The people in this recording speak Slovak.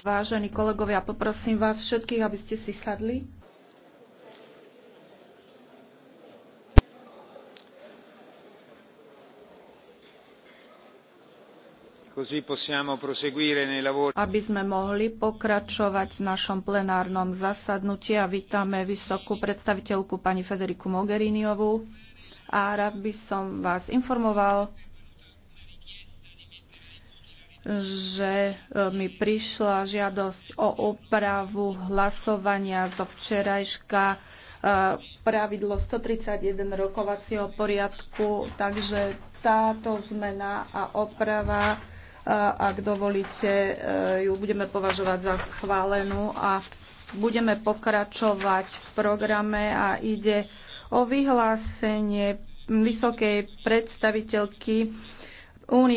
Vážení kolegovia, poprosím vás všetkých, aby ste si sadli. Aby sme mohli pokračovať v našom plenárnom zasadnutí a vítame vysokú predstaviteľku pani Federiku Mogheriniovú. A rád by som vás informoval, že e, mi prišla žiadosť o opravu hlasovania zo včerajška e, pravidlo 131 rokovacieho poriadku, takže táto zmena a oprava, e, ak dovolíte, ju budeme považovať za schválenú a budeme pokračovať v programe a ide o vyhlásenie vysokej predstaviteľky Únie